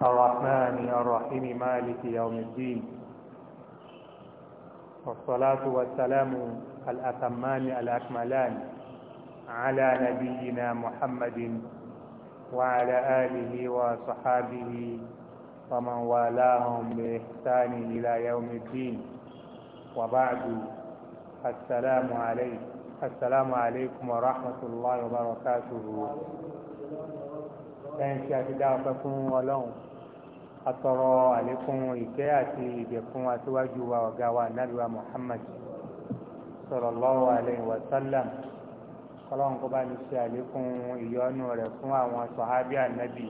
الرحمن الرحيم مالك يوم الدين والصلاة والسلام الأتمان الأكملان على نبينا محمد وعلى آله وصحابه ومن والاهم بإحسان إلى يوم الدين وبعد السلام عليكم السلام عليكم ورحمة الله وبركاته. Thank you, I did that for atọrọ àlékún ìkẹ́ àti ìdẹ̀kùn aṣíwájú wa ọ̀gá wa ànábì wa Muhammad sallallahu alaihi wa sallam kọlọ́n kó bá ní ṣe àlékún ìyọ́nú rẹ̀ fún àwọn sọ̀hábí ànábì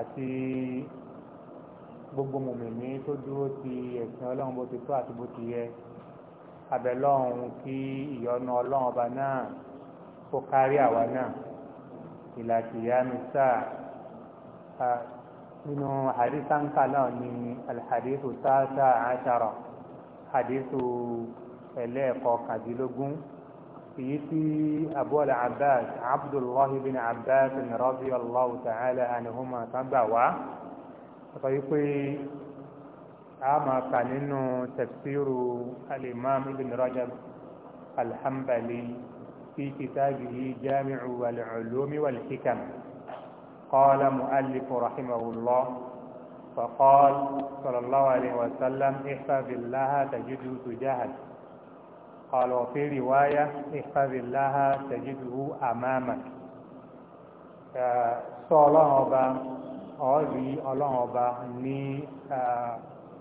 àti gbogbo mòmìnì tó dúró ti ẹ̀sìn ọlọ́run bó ti tó àti bó ti yẹ abẹ́lọ́run kí ìyọ́nú ọlọ́run ọba náà kó kárí àwa náà ìlàkìyá mi sáà nínú àdísá ń kà náà ni alhadisu sáásá àṣàrọ̀ hadisu ẹlẹ́ẹ̀kọkàndínlógún èyí tí abúlé abbas abdullahi bin abbas radiyallahu ta'ala anhuma kan gbà wá sọ wípé a máa kà nínú tafsiru alimam ibn rajab alhambali fi kitabihi jami'u wal ulumi wal hikam. قال مؤلف رحمه الله فقال صلى الله عليه وسلم احفظ الله تجده تجاهك قال وفي رواية احفظ الله تجده أمامك sọ ọlọ́run ọba ọ̀rí ọlọ́run ọba ní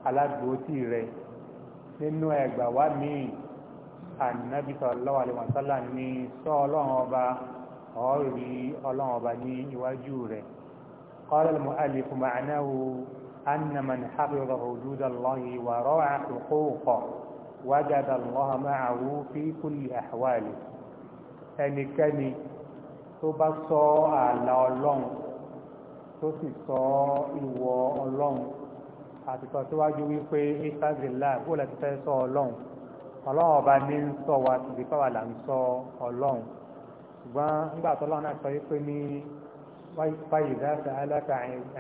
aládùúgbòtì rẹ̀ nínú ẹgbà wá míì ànábì sallallahu alaihi wasallam ní sọ ọlọ́run ọba ọ̀ rí ọlọ́run ọba ní iwájú rẹ̀ qala al-mu'allif ma'nahu anna man hafiza hudud Allahi wa ra'a huquqahu wajada Allaha ma'ahu fi kulli ahwali ẹnikẹ́ni tó bá ṣọ́ ààlà ọlọ́run tó sì ṣọ́ ìwọ̀ ọlọ́run àti sọ wípé ìsàgìlá bó lẹ́tí ní ń wa tìbí fáwà là ń ṣọ́ ọlọ́run ṣùgbọ́n nígbà tó lọ́nà sọ wípé ní فإذا سألك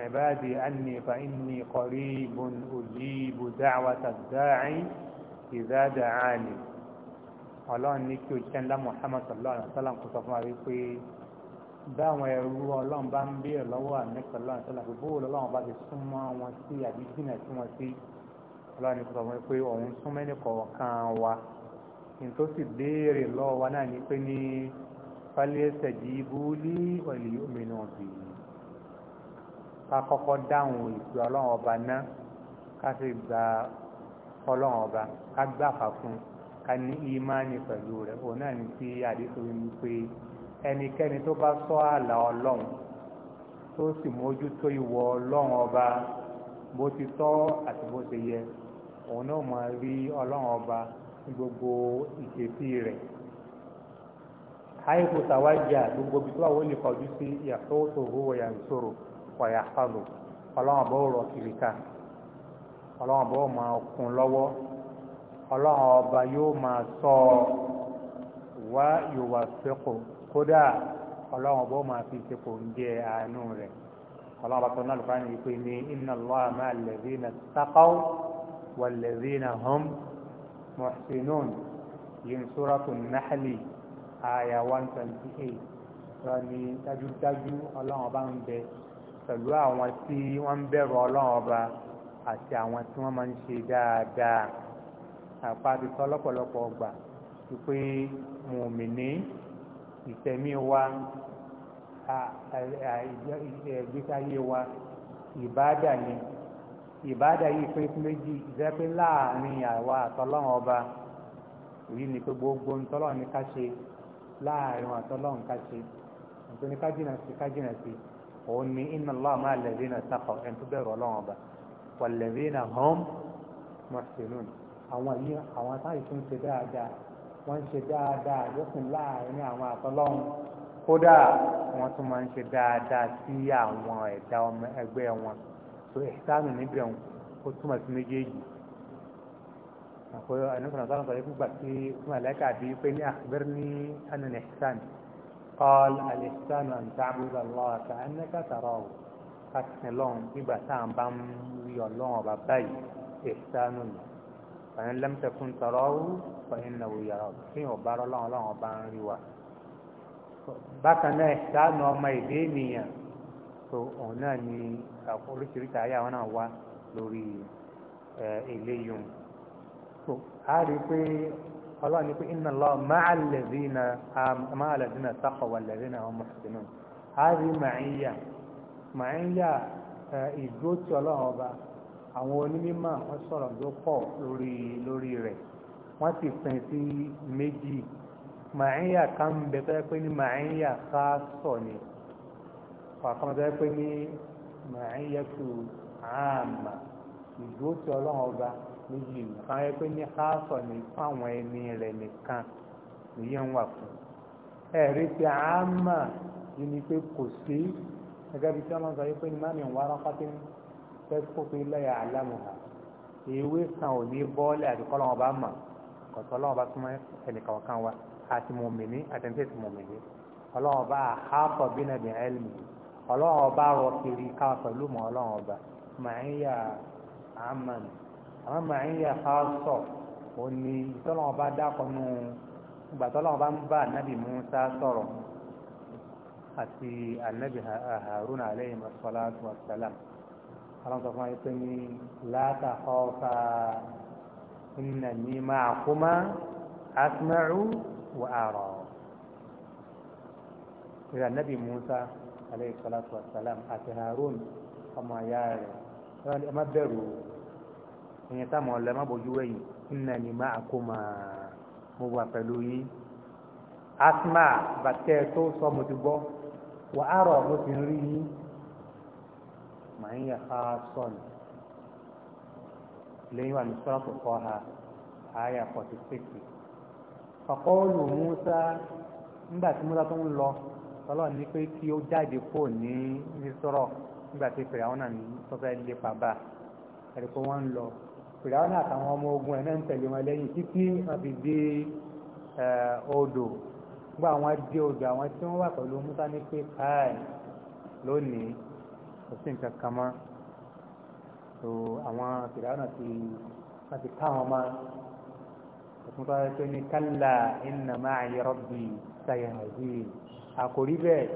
عبادي عني فإني قريب أجيب دعوة الداعي إذا دعاني ọlọ́run ní kí òjíṣẹ́ ńlá muhammad sallallahu alaihi wasallam kò sọ fún wa wípé báwọn ẹrú ọlọ́run ọlọ́run ní kò sọ fún wa pé òun tó sì béèrè lọ́wọ́ náà ní pé ní falyastajibu li wa liyu'minu bi ká kọ́kọ́ dáhùn ìpè ọlọ́run ọba náà ká sì gba ọlọ́run ọba ká gbàfà fún ká ní ìmánì pẹ̀lú rẹ̀ òun náà ní tí àdéhùn ní pé ẹnikẹ́ni tó bá sọ ààlà ọlọ́run tó sì mójútó ìwọ ọlọ́run ọba bó ti tọ́ àti bó ti yẹ òun náà máa rí ọlọ́run ọba ní gbogbo ìṣesí rẹ̀ haifu tàwájà gbogbo bí tó àwọn olùkọjú sí yàtọ̀ òṣòro wọ̀yà ìṣòro wọ̀yà àpàlò ọlọ́run bọ́ rọ kiri ká ọlọ́run bọ́ máa kún lọ́wọ́ ọlọ́run ọba yóò máa sọ wá yòówà fẹ́kọ̀ kódà ọlọ́run bọ́ máa fi ṣepò ń jẹ àánú rẹ̀ ọlọ́run bá sọ náà lùkọ́ ní ìpè ní inna Allaha ma'a alladhina àyà 128 sọ ni dájúdájú ọlọ́run ọba ń bẹ pẹ̀lú àwọn tí wọ́n ń bẹ̀rù ọlọ́run ọba àti àwọn tí wọ́n máa ń ṣe dáadáa àpáàdé sọ lọ́pọ̀lọpọ̀ ọgbà wípé mùmìnì ìtẹ̀mí wa ìgbésí ayé wa ìbáàdà ni ìbáàdà yìí pé méjì ìfẹ́pẹ́ láàrin àwa àtọlọ́run ọba èyí ni pé gbogbo ń ní ká ṣe láàrin àtọ́lọ́run ká ṣe nítorí kájìnà sí kájìnà sí òun ni inna Allah máa alladhina taqaw ẹni tó bẹ̀rù ọlọ́run ọba walladhina hum muhsinun àwọn yìí àwọn táyì tó ń ṣe dáadáa wọ́n ń ṣe dáadáa yọ̀sìn láàrin àwọn àtọ́lọ́run kódà wọ́n tún máa ń ṣe dáadáa sí àwọn ẹ̀dá ọmọ ẹgbẹ́ wọn so ìṣàánú níbẹ̀ ó túmọ̀ sí méjèèjì akwai annabi sallallahu alaihi wasallam ba ki malaika bi fa ni akhbirni an al ihsan qal al ihsan an ta'budu Allah ka annaka tarahu katilon nígbà tá an bá rí Ọlọ́run ọba báyìí ihsanu fa in lam takun tarahu fa innahu yarak fi o ba Ọlọ́run Ọlọ́run ọba ń rí wa bákan náà ihsanu ọmọ ìdí ènìyàn so òun náà ni oríṣiríṣi ayé àwọn náà wá lórí eléyìí so a rí i pé ọlọ́run ní pé inna Allah ma'al na ma'al ladhina taqaw na ladhina hum muhsinun a rí màáyà màáyà ìdúró tí ọlọ́run ọba àwọn onímọ̀ wọ́n sọ̀rọ̀ tó pọ̀ lórí lórí rẹ̀ wọ́n sì pín sí méjì màáyà kan bẹ pé ní màáyà ká ni ọ̀kan pé ní màáyà tó àmà ìdúró tí ọlọ́run ọba. méjì nǹkan ẹ pé ní káàsọ̀ ní fáwọn ẹni rẹ̀ nìkan nìyẹn wà fún ẹ̀rí ti àmà yìí ni pé kò sí gẹ́gẹ́ bí tí wọ́n máa ń sọ pé ní má mi wá rákọ́tí tẹ́kọ́ pé lẹ́yà alámùhà ewé kan ò ní bọ́ọ̀lì àti kọ́lọ́wọ́n bá mọ̀ kọ̀tọ́ ọlọ́wọ́n bá súnmọ́ ẹnìkan kan wa àti mòmìnì àtẹ̀ǹtẹ̀ ti mòmìnì ọlọ́wọ́n bá àhápọ̀ bínà bí ẹlmì ọlọ́wọ́n bá rọ kiri ká pẹ̀lú mọ́ ọlọ́wọ́n bá màáyà àmàlì àwọn màáyà ká sọ ò ní tọ́lọ́wọ́n bá dákọ̀ nù ìgbà tọ́lọ́wọ́n bá ń bá ànábì Musa sọ̀rọ̀ àti ànábì Haruna alayhi salatu wa salam àwọn sọ fún wa pé ní láta ọ̀fà inna ní máa kuma asma'u wa ara ìrìn ànábì Musa alayhi salatu wa salam àti Harun ọmọ ayá rẹ̀ ẹ bẹ̀rù ìyẹn táwọn ọ̀lẹ́ má bójú wẹ̀yìn innani ma'akuma mo wà pẹ̀lú yín asma bàtẹ́ tó sọ mo ti gbọ́ wà á rọ̀ mo ti rí yín màá ń yẹ ká sọ̀nù lẹ́yìn wà ní sọ́ọ̀tù kọ́ ha àyà forty six faqulu Musa nígbà tí Musa tó ń lọ ọlọ́run ní pé kí ó jáde kó ní ní sọ́rọ̀ nígbà tí fèrè àwọn náà ní sọ́fẹ́ lépa bá ẹ̀rí pé wọ́n ń lọ fìràwọn àtàwọn ọmọ ogun ẹ̀ náà ń tẹ̀lé wọn lẹ́yìn títí wọn fi dé odò gbọ́ àwọn dé odò àwọn tí wọ́n wà pẹ̀lú musa ní pé káì lónìí kò sí nǹkan kan mọ́ so àwọn fìràwọn àti wọn ti ká wọn mọ́ òtún tó yẹ pé ní kálá iná máa yẹ rọ́bì sáyà àìsí àkòrí bẹ́ẹ̀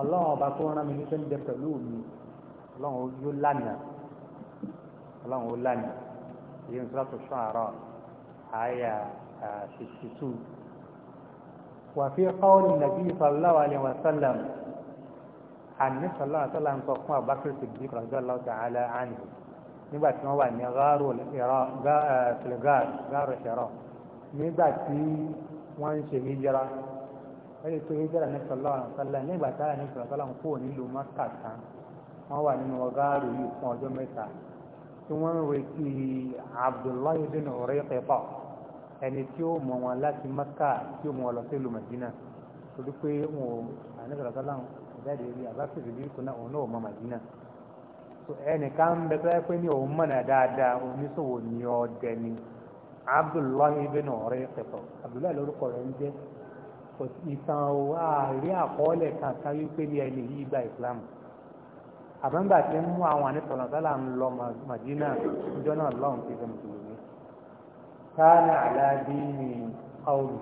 ọlọ́run ọba tó rán mi ní sẹ́ńdẹ̀ pẹ̀lú mi ọlọ́run yóò lánàá ọlọ́run ó lánàá èyí ń sọ́tò ṣọ́ọ̀rọ̀ àyà sixty two wàfi kọ́ọ̀lì nàbí sallallahu alaihi wasallam àní sallallahu alaihi wasallam ń sọ fún abakar siddiq radiyallahu ta'ala anhu nígbà tí wọ́n wà ní gáàrò ṣẹ̀rọ̀ nígbà tí wọ́n ń ṣe hijira ẹni tó hijira ní sallallahu alaihi wasallam nígbà tí wọ́n ní sallallahu alaihi wasallam kúrò nílùú mọ́kà tán wọ́n wà nínú gáàrò yìí fún ọjọ́ mẹ́ta tí wọ́n ń retí abdullahi bin Urayqita ẹni tí ó mọ̀ wọn láti maka tí ó mọ̀ wọn lọ sí ìlú madina torí pé wọn ò àníkàlà sálà ìjáde rí abáfíìsì bí kò òun náà mọ̀ madina ẹnìkan bẹ tó yẹ pé ní òun mọ̀nà dáadáa oníṣòwò ní ọdẹ ni abdullahi bin Urayqita abdullahi lórúkọ rẹ̀ ń jẹ́ ìtàn àárí àkọọ́lẹ̀ kankan wípé ní ẹni yìí gba ìsìlámù àbẹ̀ǹgbà tí ń mú àwọn àníṣọ̀rọ̀ sálà ń lọ màdínà ìjọ náà lọ́hùn ti fẹ́ mùsùlùmí káàní àlàábí ni ọ̀rù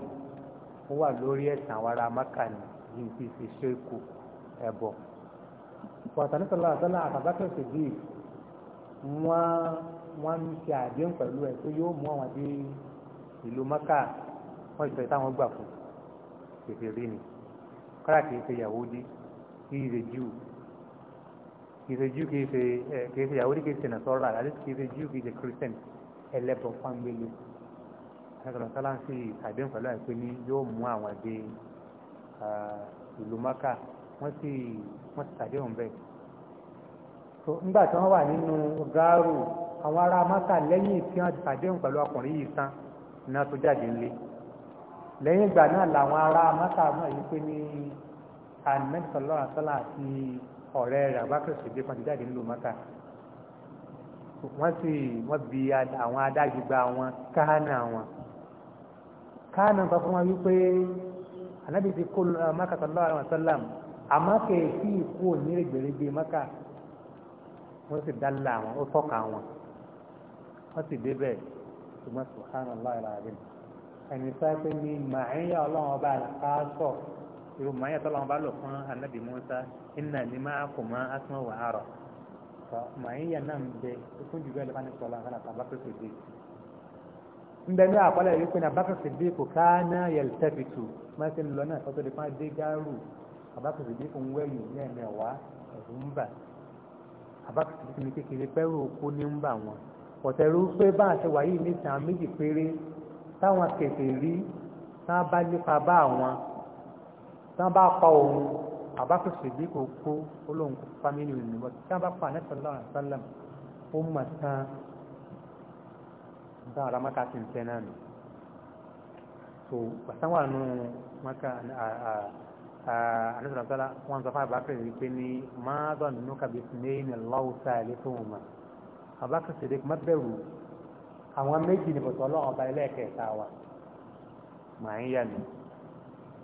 ó wà lórí ẹ̀sìn àwọn ará maka ni yìí ti fi ṣe kù ẹ̀bọ̀ pọ̀tàníṣọ̀rọ̀ sálà àtàbákẹ́ ṣèdí wọ́n wọ́n ń ṣe àdéhùn pẹ̀lú ẹ̀ tó yóò mú àwọn àti ìlú maka wọ́n ìfẹ́ táwọn gbà fún kèfèrè ni kọ́lá kìí ṣe yahudi kìí ṣe júù kìí ṣe Jew kìí ṣe kìí ṣe yahudi kìí ṣe nasọ́rọ̀ àti kìí ṣe Jew kìí ṣe Christian ẹlẹ́bọ̀ pọ́ngbélé ẹgbẹ̀rún sáláńsì tàbí pẹ̀lú àìpé ní yóò mú àwọn dé ìlú maka wọ́n sì wọ́n sì tàbí òun bẹ́ẹ̀. tó nígbà tí wọ́n wà nínú gáàrù àwọn ará maka lẹ́yìn tí wọ́n ti tàbí òun pẹ̀lú ọkùnrin yìí tán náà tó jáde ńlé ìgbà náà làwọn ará maka mọ̀ yìí pé ní ànẹ́sọ̀lọ́ àtọ́lá àti ọ̀rẹ́ rẹ̀ abákẹ́ sèdè kan ti jáde nílùú mọ́ta wọ́n sì wọ́n bi àwọn adájúgba wọn káánà wọn káánà sọ fún wọn wípé anábì ti kó maka sallallahu alaihi wasallam àmọ́ kèé sí ìkú òní rẹ̀gbẹ̀rẹ̀gbẹ̀ maka wọ́n sì dálà wọn ó tọ́ka wọn wọ́n sì débẹ̀ ṣùgbọ́n subhanallahi alazim ẹni sáfẹ́ ní màáyà ọlọ́run ọba àlàkáṣọ́ ìròmọ̀ ayé tọ́lọ́wọ́n bá lò fún anabi musa iná ní máa kò mọ́ asán wà á rọ̀ sọ màáyà náà ń bẹ fún jùlọ ìlú fani sọlá àgbàlá tàbá pèsè dé ń bẹ ní àkọlẹ̀ yìí pé nàbá pèsè dé kò ká náà yẹ lẹ́tẹ̀pìtù máa ṣe ń lọ náà tọ́jú nípa dé gáàrú àbá dé kò ń wẹ̀yìn ní ẹ̀mẹ̀wá ẹ̀rù ń bà àbá pèsè dé ní kékeré pẹ́rù tán bá pa òun àbákò ṣègbè kò kó olóhùn kó fámìlì rẹ̀ nìbọn tí wọ́n bá pa àná sọ̀rọ̀ lọ́rùn sálẹ̀m ó mọ̀ tán nǹkan ọ̀rọ̀ mọ́ta ti ń tẹ́ náà nù. tó pàṣán wà nù mọ́ta àníṣòro sọ́lá wọ́n sọ fún àbákò rẹ̀ wípé ní máa dọ̀ nínú kàbí sinéyìn lọ́wọ́sá ilé tó wù mọ́ àbákò ṣègbè má bẹ̀rù àwọn méjì nìbọ̀tọ̀ ọlọ́run ọba ilé ẹ̀kẹ́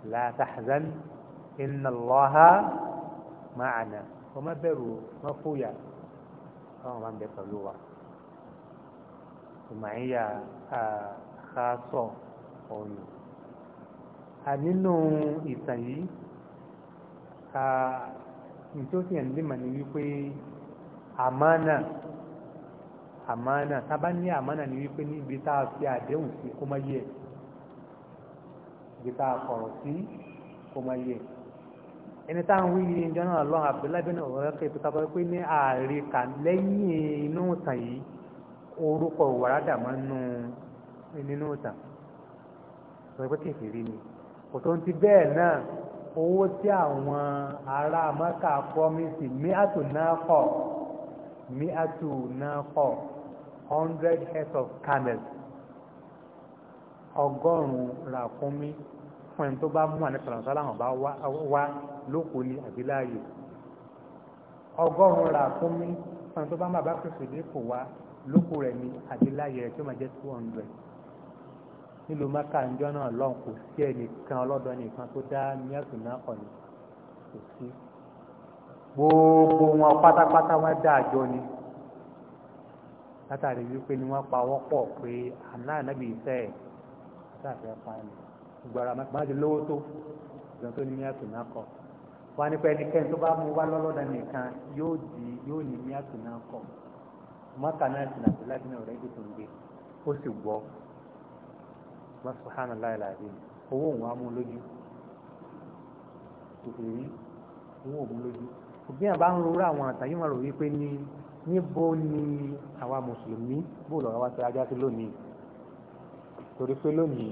la tahzan inna Allaha ma'ana wọ́n má bẹ̀rù wọ́n fòyà wọ́n máa ń bẹ pẹ̀lú wa ìmọ̀-ẹ̀yà àkásọ̀ ọ̀nà ànínú ìtàn yìí tí ó sì ẹ̀ndì mà ní wípé àmánà àmánà tábá ní àmánà ní wípé níbi tá a fi àdéhùn sí kó má yẹ ẹ̀ ibi tá a kọ̀rọ̀ sí kó máa yẹ ẹni tá à ń wí yìí ìjọ náà lọ́wọ́ abdullahi bin ọ̀rẹ́ kẹ́ ìpínlẹ̀ pé pé ní ààrẹ kà lẹ́yìn inú ìtàn yìí orúkọ wàrádà máa ń nu nínú ìtàn sọ pé kékeré ni kò tó ń ti bẹ́ẹ̀ náà owó tí àwọn ará mọ́kà promise mi àtò náà kọ̀ mi àtò náà kọ̀ hundred heads of camels ọgọ́rùn-ún ràkúnmí fún ẹni tó bá mú àní sọ̀rọ̀ sọ́lá hàn bá wá lóko ní àbíláyè ọgọ́rùn-ún rà fún mi fún ẹni tó bá má bá fèsì dé kò wá lóko rẹ̀ ní àbíláyè rẹ̀ tí ó máa jẹ́ gbogbo wọn pátápátá wọn dá àjọ ni ni gbàrà má ti lówó tó ìgbà tó ní míyàtò náà kọ wọn nípa ẹnikẹ́ni tó bá mú wá lọ́lọ́dà nìkan yóò di yóò ní míyàtò náà kọ mọ́tà náà sì nàbí láti náà rẹ̀ ètò ń gbé ó sì gbọ́ wọ́n sùhánà láìláàdé owó òun á mú lójú ìrírí owó òun lójú òbí àbá ń rora àwọn àtàyè máa rò wípé ní níbo ni àwa mùsùlùmí bó lọ́wọ́ wá sí ajá sí lónìí torí pé lónìí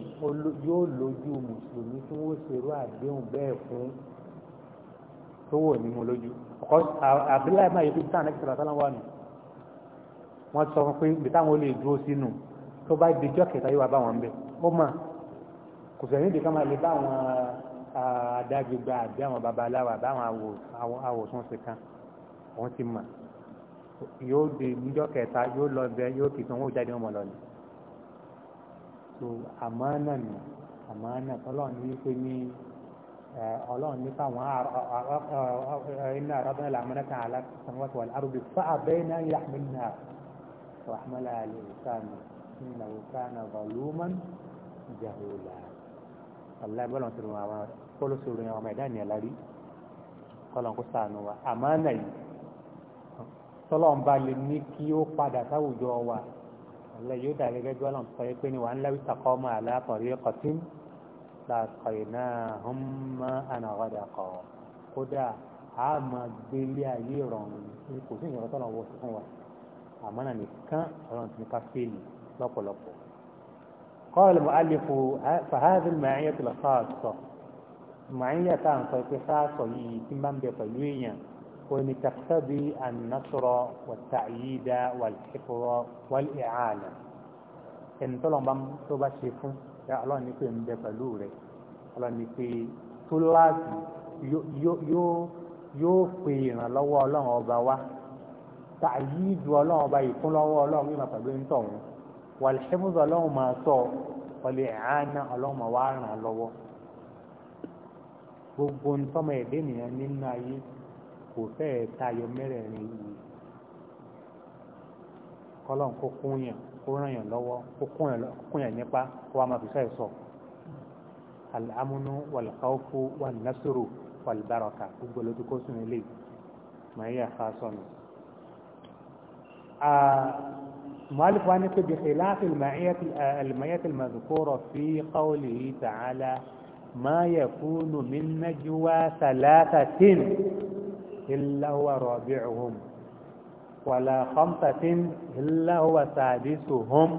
yóò lójú mùsùlùmí tí wọ́n ṣerú àdéhùn bẹ́ẹ̀ fún tó wò ní mo lójú ọkọ àbílẹ̀ máa yẹ kí sáà nẹ́kì sọ̀rọ̀ sálọ́wọ́ nù wọ́n sọ pé ibi táwọn olè dúró sínú tó bá dijọ́ kẹta yóò wá bá wọn bẹ̀ ó mà kò sẹ́yìn ìdí kan máa lè bá àwọn adágbègbè àbí àwọn babaláwo àbí àwọn awòsànṣe kan wọ́n ti mà yóò di níjọ́ kẹta yóò lọ bẹ yóò kì í sanwó so àmánà nù àmánà tọ́lọ́run ní wípé ní ọlọ́run ní fáwọn iná arábẹ́ làmánà kan aláṣẹ́wọ́tò alárùbí fáàbẹ́ iná yà mílíọ̀nà wàhálà àlèkánù ìnà òkánà bàlúmán jahula wàlá bọ́lọ̀ tó rìn àwọn kólóso rìn àwọn ẹ̀dá ni àlárí kọ́lọ̀n kó sànù wa àmánà yìí tọ́lọ́run bá lè ní kí ó padà sáwùjọ wa ọ̀lẹ́ yóò dà gẹ́gẹ́ bí ọlọ́run sọ pé ni wà ń lẹ́wí takọ́ ọmọ àlàkọ̀rí kọ̀tún làkọ̀ iná ọmọ ànàwọ̀dà kọ̀ kódà a máa gbélé ayé ìrọ̀rùn kò sí ìyọ̀rọ̀ tọ́lọ̀ wọ̀ sí fún wa àmọ́ náà nìkan ọlọ́run ti ní ká fèèlì lọ́pọ̀lọpọ̀ قال المؤلف فهذه المعية الخاصة معية تانسة في خاصة يتمم بطلوية وإن تقتضي النصر والتعييد والحفظ والإعانة إن طلب طلب شيفون يا الله نكوي مدبلوري الله نكوي تلواتي يو يو يو yóò pè ìrànlọ́wọ́ ọlọ́run ọba wa tàyíìdù ọlọ́run ọba ìkúnlọ́wọ́ ọlọ́run mímọ̀ pẹ̀lú nítọ̀hún wàlẹ́ṣẹ́mùsọ ọlọ́run máa sọ ọlẹ́ àánà ọlọ́run máa wá ràn án lọ́wọ́ gbogbo ntọ́mọ ẹ̀dẹ́ nìyẹn nínú ayé kò fẹ́ẹ̀ tayọ mẹ́rẹ̀ẹ̀rin yìí kọ́lọ́n kó kún yàn kó ràn yàn lọ́wọ́ kó kún yàn nípa kó wá máa fi sẹ́ẹ̀ sọ al-amnu wal-khawfu wan-nasru gbogbo lójú kó sùn ilé màá yà مؤلف وانك بخلاف المعية المعية المذكورة في قوله تعالى ما يكون من نجوى ثلاثة إلا هو رابعهم ولا خمسة إلا هو سادسهم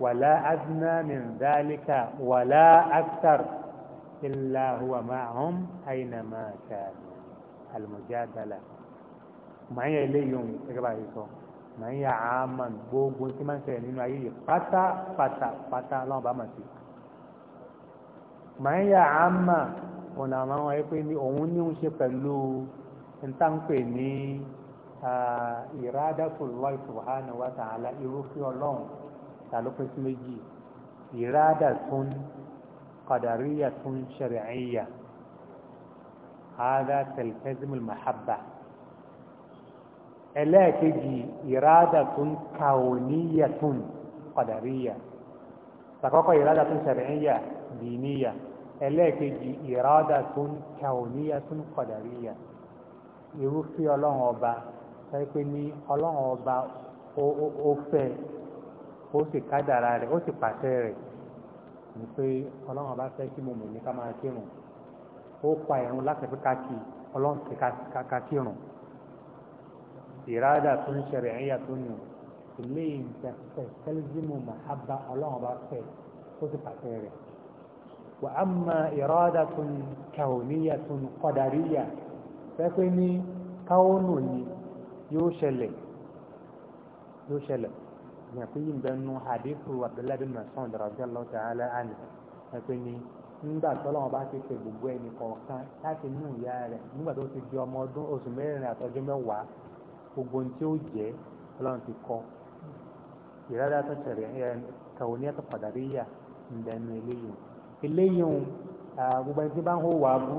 ولا أدنى من ذلك ولا أكثر إلا هو معهم أينما كان المجادلة ما هي إليهم إقرأيكم ما هي عاما بوغون كما سيئنين أيه فتا فتا فتا لهم بامسي ما هي عاما ونعمان ويقول إني أوني وشي فلو ntànkpé ní ìrádàtúlọ́ subhanahu wa ta'ala irúfẹ́ ọlọ́run ta ló pín sí méjì ìrádàtún qadariyatun shar'iyya hada taltazim al-mahabba ẹlẹ́ẹ̀kejì ìrádàtún kauniyatun qadariyya sàkọ́kọ́ ìrádàtún shar'iyya diniya ẹlẹ́ẹ̀kejì ìrádàtún kauniyatun qadariyya irúfẹ́ ọlọ́run ọba sọ pé ní ọlọ́run ọba ó fẹ́ ó sì rẹ̀ ó sì pàṣẹ rẹ̀ ní pé ọlọ́run ọba fẹ́ kí mo mọ̀ ní ká máa kírun ó pa ẹ̀rùn láti fi ká ọlọ́run sì ká kírun ìrádà tó ń ṣẹlẹ̀ ẹ̀yà tó nù ilé ìjàpẹ̀ tẹ́lifíìmù màhábà ọlọ́run ọba fẹ́ ó sì pàṣẹ rẹ̀ wàhámà ìrádà tó ń kàwé pẹ́pẹ́ ní káwọnù ni yóò ṣẹlẹ̀ yóò ṣẹlẹ̀ ìyàn pé yìí ń bẹ nu hadithu Abdullah bin Mas'ud radiyallahu ta'ala anhu pẹ́pẹ́ ní nígbà tọ́lọ́wọ́n bá ti ṣe gbogbo ẹnì kọ̀ọ̀kan láti inú ìyá rẹ̀ nígbà tó ti di ọmọ ọdún oṣù mẹ́rin àtọ́jú mẹ́wàá gbogbo ohun tí ó jẹ́ ọlọ́run ti kọ́ ìrádá tó ṣẹlẹ̀ kàwọn yẹn tó padà rí yà ń bẹnu eléyìí eléyìí gbogbo ẹni tí bá ń hó wàá bú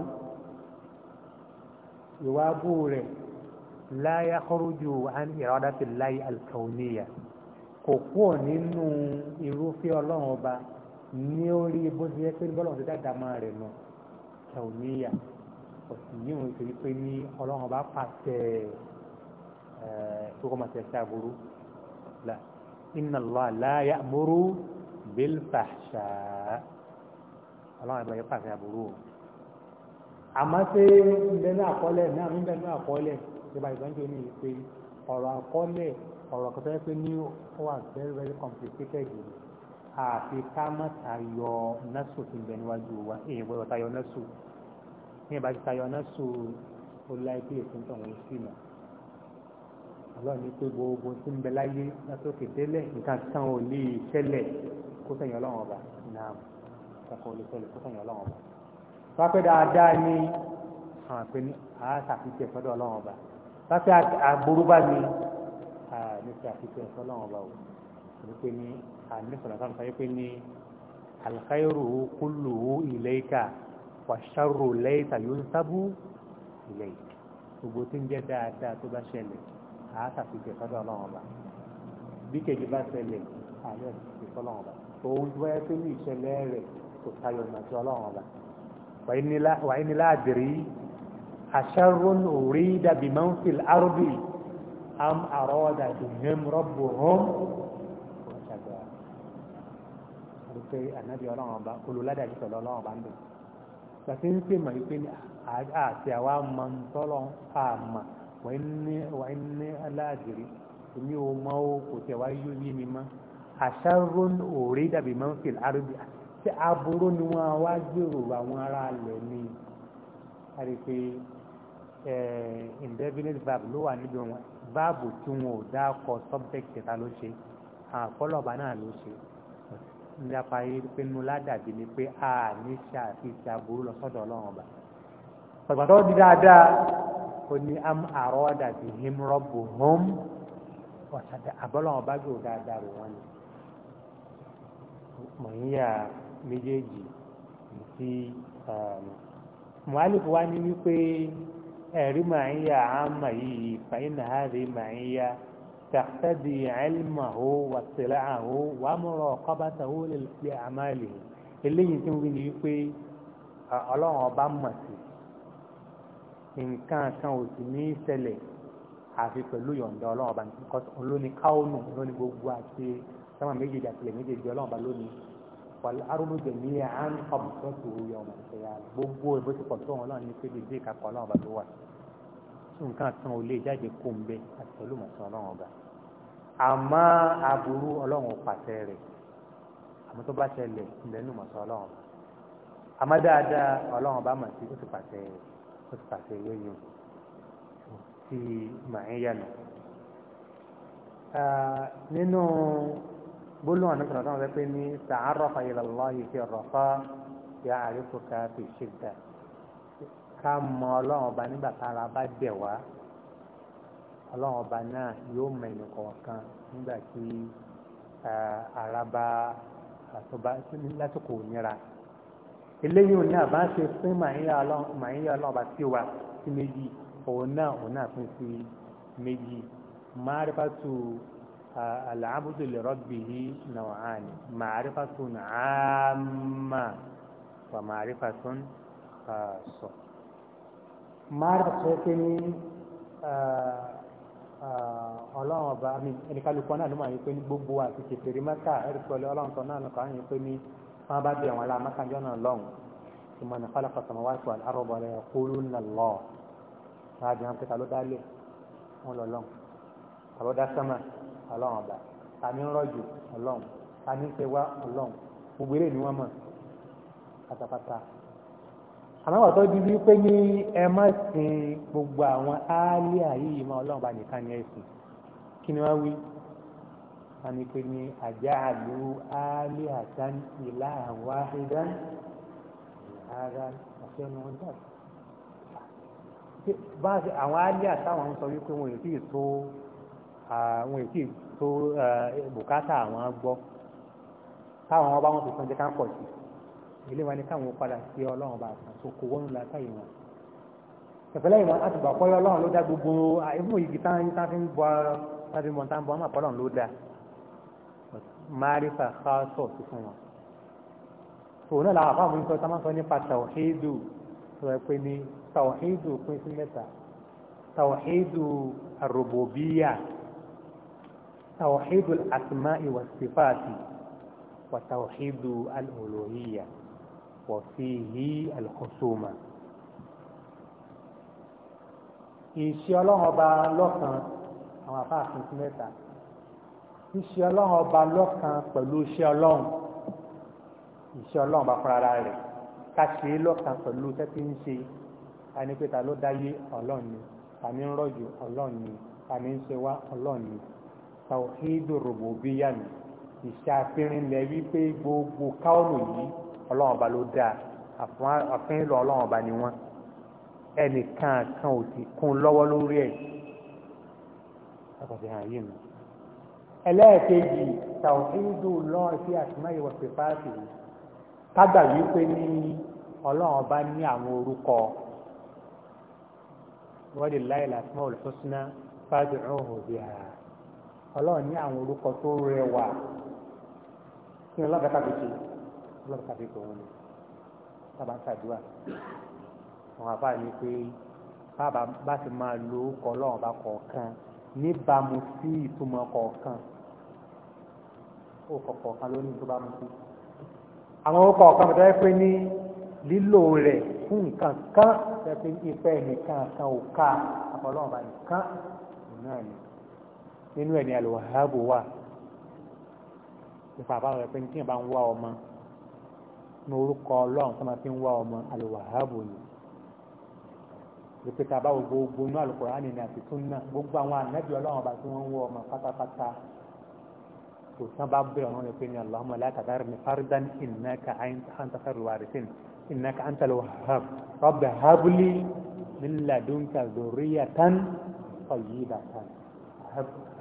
ìwà bú rẹ̀ la yakhruju an iradatillahi al-kawniyya kò kúrò nínú irúfẹ́ ọlọ́run ọba ní orí bó ti yẹ pé bọ́lọ̀ ti dáadáa máa rẹ̀ nù kawniyya kò sì ní òun ti rí pé ní ọlọ́run ọba pàṣẹ tó kọ́ la inna Allah la ya'muru bil fahsha yẹ pàṣẹ àbúrú o àmọ́ ṣé nbẹ́nu àkọọ́lẹ̀ náà nbẹ́nu àkọọ́lẹ̀ ìjọba ìgbàjọ ní ìpè ọ̀rọ̀ àkọọ́lẹ̀ ọ̀rọ̀ kọtẹ́ pé ní ó wà very very complicated àfi ká má tayọ násù tí nbẹ́nu wájú wa èyí gbọ́dọ̀ tayọ násù ní ìbá ti tayọ násù ó láì pé èsì ń tàn wọ́n sí mọ́ ọlọ́run ní pé gbogbo tí ń bẹ láyé látòkè délẹ̀ nǹkan tán ò ní ìṣẹ̀lẹ̀ kó sẹ́yìn ọlọ́run ọba náà kọ́kọ́ olùsọ̀lẹ̀ kó sẹ́yìn ọlọ́run ọba pápẹ́ dáadáa ní àpè ní àásàfíkẹ́ sọ́dọ̀ ọlọ́run ọba pápẹ́ àgbòrú bá ní àníṣẹ́ àfíkẹ́ sọ́dọ̀ ọlọ́run ọba o wípé ní àníṣọ̀rọ̀ sáà sọ wípé ní alkhairu kulluhu ilayka wàṣàrò laysa yunsabu ilayka gbogbo tí ń jẹ́ dáadáa tó bá ṣẹlẹ̀ àásàfíkẹ́ sọ́dọ̀ ọlọ́run ọba bí kejì bá ṣẹlẹ̀ àníṣọ̀rọ̀ sọ́dọ̀ ọlọ́run ọba òun wáyé pé ní ìṣẹ̀lẹ̀ wà ní láàdìrí àṣàrún orí dàbí mọ́nfìl arúbì am àrọ́dà ìhẹ́m rọ́bù hàn ọ̀ṣàgbà wípé ànábì ọlọ́run ọba olùládàjì pẹ̀lú ọlọ́run ọba ń bẹ̀ gbàtí ń pè mọ̀ wípé àti àwa mọ̀ ń tọ́lọ́ àmà wà ní láàdìrí èmi ò mọ́ o kò tẹ̀ wá yóò yé mi mọ́ àṣàrún orí dàbí mọ́nfìl arúbì tí aburú ni wọ́n wá gbèrò àwọn ará alẹ̀ ni a rí pé indefinite verb ló wà níbi wọn verb tí wọn ò dákọ subject ta ló ṣe àkọlọ́ọ̀bá náà ló ṣe nípa pé nínú ládàbí ni pé a ní ṣàfihàn aburú lọ sọ́dọ̀ ọlọ́run ọba pàgbà tó di ó ní am àrọ́ dàbí him rọ́bù hom ọ̀sàdà àbọ́lọ́run ọba gbèrò dáadáa rẹ̀ wọ́n ni mọ̀ ń méjèèjì ti um, mu'alif wa ni wípé ẹ̀rí màáyà àmà yìí fàyínà hàrí màáyà tàkítàdì àìlmàhó wàtìláhó wàmúrọ̀ kọ́bátàhó lè àmàlè eléyìí tí wọ́n ní wípé ọlọ́run ọba mọ̀ sí nǹkan kan ò sì ní ṣẹlẹ̀ àfi pẹ̀lú yọ̀ǹda ọlọ́run ọba olóni káónù olóni gbogbo àti sẹ́wọ̀n méjèèjì àtìlẹ̀ méjèèjì ọlọ́run ọba lónìí wàlárúbù jẹ̀mí àn ọ̀bùsọ̀tò oyè ọmọ ìṣẹ̀yà gbogbo ìbò tí pọ̀tọ́ wọn náà ní pé bèbè ìkàkọ́ ọlọ́run ọba ló wà nǹkan kan ò lè jáde kó ń bẹ àti olùmọ̀sán ọlọ́run ọba àmọ́ aburú ọlọ́run pàṣẹ rẹ̀ àmọ́ tó bá ṣẹlẹ̀ ńlẹ̀ olùmọ̀sán ọlọ́run ọba àmọ́ dáadáa ọlọ́run ọba mà sí ó sì pàṣẹ ó sì pàṣẹ gbólóhùn àná sọ̀rọ̀ sọ̀rọ̀ pé ní ta'arrafa ila Allahi fi rafa ya'rifuka fi shidda ká mọ ọlọ́run ọba nígbà tára bá dẹ̀ wá ọlọ́run ọba náà yóò mọ ẹnì kọ̀ọ̀kan nígbà tí ara bá àtọ́bá lásìkò òmìnira eléyìí ò ní àbá ṣe pín màáyá ọlọ́run ọba tí ó sí méjì òun náà òun náà pín sí méjì máa rí bá tù العبد لربه نوعان معرفة عامة ومعرفة خاصة معرفة ni ọlọ́run ọba mi ẹnikálukọ náà ló máa yí pé ní gbogbo àti kèfèrí mẹ́ta ẹ̀rìkọ́lẹ̀ ọlọ́run tó náà nìkan yí pé ní wọ́n bá bí àwọn aláàmọ́kànjọ́ náà lọ́hùn ìmọ̀ ní kọ́lọ́kọ̀ sọmọ́wáṣọ àrọ̀bọ̀ rẹ̀ kúrú nà lọ́ọ̀ láàbí wọn pé ta ló dá lé wọn lọ lọ́hùn ta ló dá sọ́mà ọlọ́run ọba àmì rọ́jù ọlọ́run àmì ṣẹwà ọlọ́run gbogbo eré ni wọ́n mọ̀ pátápátá àmọ́ wà tó di bí pé ní ẹ má sin gbogbo àwọn áálí àyíyí mọ́ ọlọ́run ọba nìkan ni ẹ sìn kí ni wọ́n wí wọ́n ní pé ní àjá àlú áálí àtàn ìlà àwọn ara ọ̀fẹ́ ni wọ́n dàbí bá àwọn áálí àtàwọn sọ wípé wọn ò tí ì tó àwọn èkì tó bùkátà àwọn gbọ́ táwọn ọba wọn fi fún jẹ́ ká pọ̀ sí ilé wa ni káwọn padà sí ọlọ́run bá kan tó kó wọ́n la táyé wọn tẹ̀fẹ́lẹ́ ìwọ̀n àti gbà pọ́yọ́ ọlọ́run ló dá gbogbo ìfún yìí tá tá fi ń bọ tá fi ń bọ tá ń bọ ọmọ àpọ́lọ́run ló dá márífà káàtọ̀ sí fún wọn òun náà làwọn àfáàmù sọ táwọn sọ nípa tàwọ̀hídù rẹ̀ pé ní tàwọ̀hídù pín sí mẹ́ta tàwọ̀hídù àròbòbíyà توحيد الأسماء والصفات وتوحيد الألوهية وفيه الخصومة ìṣe ọlọ́run ọba lọ́kan àwọn afáàfin sí mẹ́ta ìṣe ọlọ́run ọba lọ́kan pẹ̀lú iṣẹ́ ọlọ́run ìṣe ọlọ́run ọba fúnra rẹ̀ ká ṣe é lọ́kan pẹ̀lú iṣẹ́ ń ṣe ta pé ta ló dáyé ọlọ́run ni ta ni ń rọ̀jò ọlọ́run ni ta ni ń ṣe wá ọlọ́run ni tàwíìdù rògbòbíyà ni ìṣàfihàn lẹ wípé gbogbo káwọnù yìí ọlọ́run ọba ló dáa àfihàn lọ ọlọ́run ọba ni wọ́n ẹnìkan kan ò sì kún lọ́wọ́ lórí ẹ̀ àtàtì hàn yìí nù. ẹlẹ́ẹ̀kejì tàwíìdù lọ́rùn sí àtìmáyé wọ́n kágbà wípé ní ọlọ́run ọba ní àwọn orúkọ wọ́n lè láyé olùsọ́sínà fáàdì ọ̀hún òbí àá ọlọ́run ní àwọn orúkọ tó rẹwà kí ni ọlọ́run kàkàbí ṣe ọlọ́run kàkàbí ṣe òun ni sábà ń ṣàdúrà àwọn afáà ní pé bàbá bá ti máa lo orúkọ ọlọ́run bá kọ̀ọ̀kan níbàámu sí ìtumọ̀ kọ̀ọ̀kan orúkọ kọ̀ọ̀kan ló ní tó bá mu sí àwọn orúkọ ọ̀kan bàtà ẹ pé ní lílò rẹ̀ fún nǹkan kan ẹ pé ìfẹ́ nìkan kan ò ká àpọ̀ ọlọ́run bá nìkan òun náà nìkan nínú ẹ̀ ní alùwàhábù wà ìfà àbáwọn rẹ̀ pé ní tíyàn bá ń wá ọmọ ní orúkọ ọlọ́run tó máa fi ń wá ọmọ alùwàhábù ni ìpètà báwo gbogbo inú àlùkùránì ní àti súnà gbogbo àwọn ànábì ọlọ́run ọba tí wọ́n ń wọ ọmọ pátápátá kò tán bá bẹ̀rẹ̀ wọn lè ní Allahumma la tadharni fardan innaka anta khairul warithin innaka antal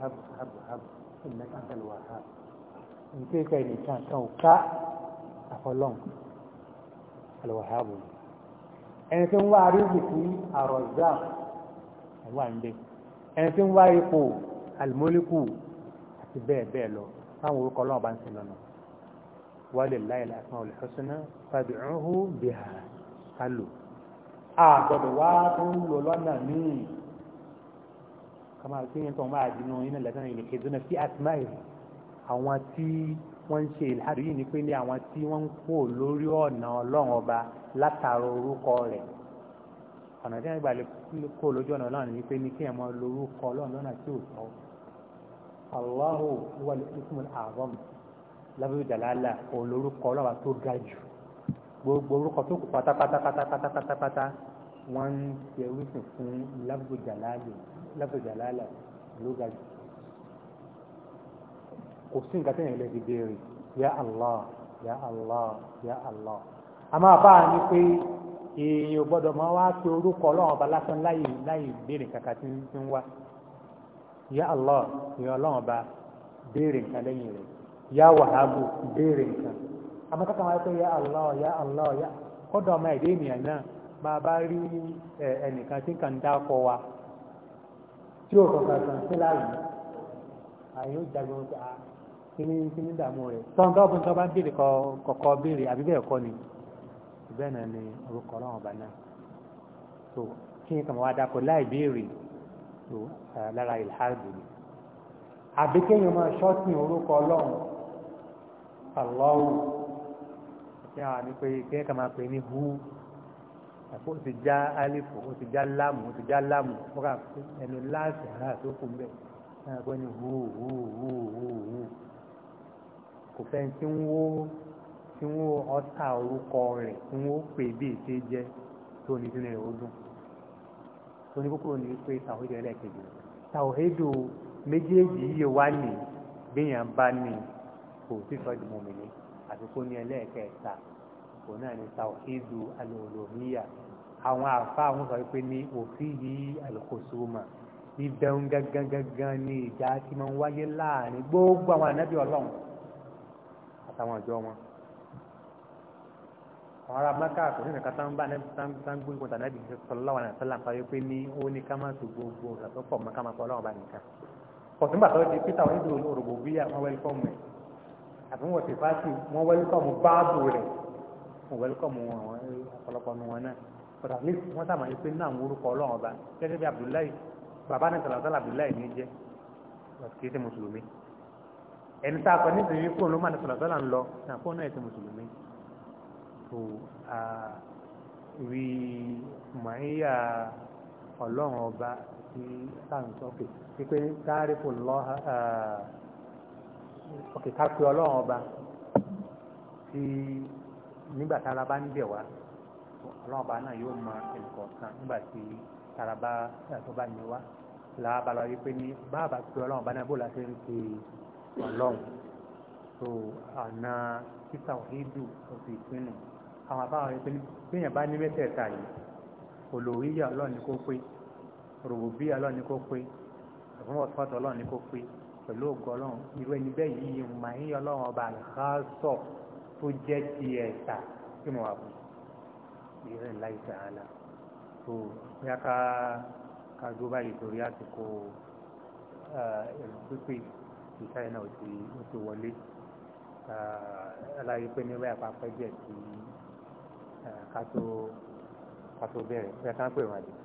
hab hab hab innaka antal wahhab nkeka ẹnìkan kan ò ká àfọlọ́n alwahabu ẹni tí ń wá arísìkí àrọ̀zá ẹ̀wà ń bẹ ẹni tí ń wá ipò almoliku àti bẹ́ẹ̀ bẹ́ẹ̀ lọ táwọn orúkọ ọlọ́run bá ń sin lọ́nà walillahi al-asmaul husna fad'uhu biha kálò àgbọ̀dọ̀ wá tó ń lò lọ́nà míì kama pé yẹn tó ń bá àdínú iná lẹ́sẹ̀ náà ìlẹ̀kẹ́ dúnà sí àtìmáì àwọn tí wọ́n ń ṣe ìlàrí yìí ni pé ní àwọn tí wọ́n ń kó lórí ọ̀nà ọlọ́run ọba látàrọ orúkọ rẹ̀ ọ̀nà tí wọ́n gbà lè kó lójú ọ̀nà ọlọ́run ni pé ní kí ẹ̀mọ́ lórúkọ ọlọ́run lọ́nà tí ò tọ́ Allahu wal ismul azam lábẹ́bí dàlálà òun lórúkọ ọlọ́run tó ga jù gbogbo orúkọ tó kù pátápátápátápátápátá wọ́n ń ṣe orísun fún lábẹ́bí dàlálà lẹ́bù jàlálà lóga jù kò sí nǹkan ya Allah ya Allah ya Allah a máa bá a ní pé èèyàn gbọ́dọ̀ máa wá pé orúkọ ọlọ́run ọba lásán láì láì béèrè kankan tí wá ya Allah ya ọlọ́run ba béèrè nkan lẹ́yìn rẹ̀ ya Wàhábù béèrè nǹkan ya Allah ya Allah ya wa tí o kọ̀ọ̀kan kan sí láàyè àyè ó jagun pé a ah, kíní kíní dààmú rẹ̀ tọ́n tó ọkùnrin tó bá ń béèrè kọ̀ọ̀kọ́ béèrè àbí bẹ́ẹ̀ kọ́ ni bẹ́ẹ̀ náà ni orúkọ ọlọ́run ọba náà so kí ni kàmọ́ wá dákọ̀ láì béèrè so lára ìlhàdù ni àbí kéèyàn máa ṣọ́ọ̀tì orúkọ ọlọ́run àlọ́wù kí wọ́n á ní pé kí wọ́n kà pè ní hú àpò ti já alifu ó ti já láàmù ó ti já láàmù fúra ẹnu láti ara tó kù mbẹ náà pé ní huu huu huu huu huu kò fẹ́ tí ń wó tí ń wó ọ́sà orúkọ rẹ̀ tí ń wó pè bí ète jẹ́ tó ní sínú rẹ̀ ó dùn tó ní kókó ní pé tàwéjọ ẹlẹ́ẹ̀kejì tàwéjọ méjèèjì yìí wá ní gbìyànjú bá ní kò sí sọ́jú mọ́mìnì àti kó ní ẹlẹ́ẹ̀kẹta òun náà ni tàwọ̀hídù alòlòmíyà àwọn àfa àwọn sọ pé ní òfin yìí alòkòsóma ìbẹ̀rù gangan gangan ni ìjà tí máa ń wáyé láàrin gbogbo àwọn ànábì ọlọ́run àtàwọn ọjọ́ wọn àwọn ará maka kò ní nǹkan tán bá sáńgbó ìkọ̀tà náà di sọlọ́wọ́ àwọn àṣálà ń parí pé ní ó ní ká máa tó gbogbo ìrọ̀tọ́ pọ̀ mọ́ ká máa pọ̀ ọlọ́run bá nìkan pọ̀tún bàtọ́ di peter wọ́n ní ìdúró òrògbò bíyà wọ́n wẹ́lkọ́mù rẹ̀ àbí wọ́n ti fásitì wọ́n wẹ́lkọ́mù báàbù rẹ̀ wọn wẹ́lkọ̀mù wọn àwọn ọ̀pọ̀lọpọ̀ nu wọn náà but at least wọ́n sàmà yìí pé náà àwọn orúkọ ọlọ́run ọba gẹ́gẹ́ bí abdullahi bàbá ní sàlàsàlà abdullahi ní jẹ́ but kì í ṣe mùsùlùmí ẹni tá a kọ ní ìsinmi fóònù ló máa ní sàlàsàlà ń lọ náà fóònù náà ṣe mùsùlùmí so rí màáyà ọlọ́run ọba tí sáǹsọ́kè wípé káàrí fóònù lọ́ha nígbà tára bá ń bẹ̀ wá ọlọ́run ọba náà yóò mọ ẹnìkan kan nígbà tí tára bá tó bá ní wá làábà lọ wípé ní báàbà pé ọlọ́run ọba náà bó la ṣe ń pe ọlọ́run tó àna títà òhídù òfin ìpinnu àwọn abáwọn wípé ní bíyàn bá ní mẹ́tẹ̀ẹ̀ta yìí olùwíyà ọlọ́run ni kó pé rògbòbíyà ọlọ́run ni kó pé ẹ̀fọ́n ọ̀tọ́ọ̀tọ̀ ọlọ́run ni kó pé pẹ̀lú ògo ọlọ́run irú ẹni bẹ́ẹ̀ yìí màáyí ọlọ́run ọba tó jẹ́ ti ẹ̀ta tí mo wà fún ìrìn láì sàálà tó yá ká ká dó báyìí torí àsìkò ìrìnpípé ti china ò ti ó ti wọlé aláyé pé níwẹ̀ àpapẹ́ díẹ̀ sí ká tó bẹ̀rẹ̀ yá ká pè wọ́n àdìgbò.